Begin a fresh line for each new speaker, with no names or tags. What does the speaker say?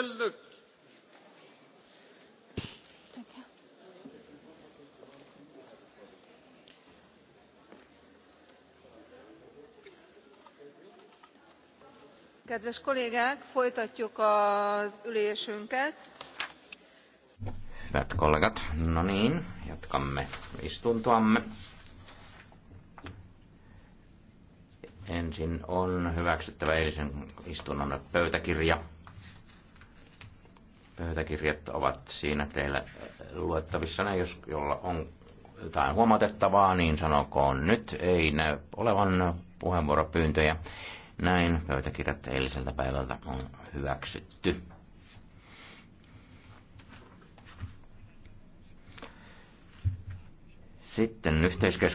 elnök!
kedves kollégák folytatjuk az ülésünket.
Hyvät kollegat, no niin, jatkamme istuntoamme. Ensin on hyväksyttävä eilisen istunnon pöytäkirja pöytäkirjat ovat siinä teillä luettavissa. Ne, jos jolla on jotain huomautettavaa, niin sanokoon nyt. Ei näy olevan puheenvuoropyyntöjä. Näin pöytäkirjat eiliseltä päivältä on hyväksytty. Sitten yhteiskeskustelu.